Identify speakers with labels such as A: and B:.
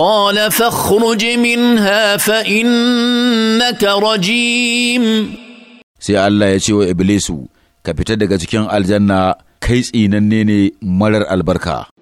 A: قال فاخرج منها فإنك رجيم
B: sai Allah ya ce wa Iblisu, ka fita daga cikin aljanna kai tsinanne ne marar albarka.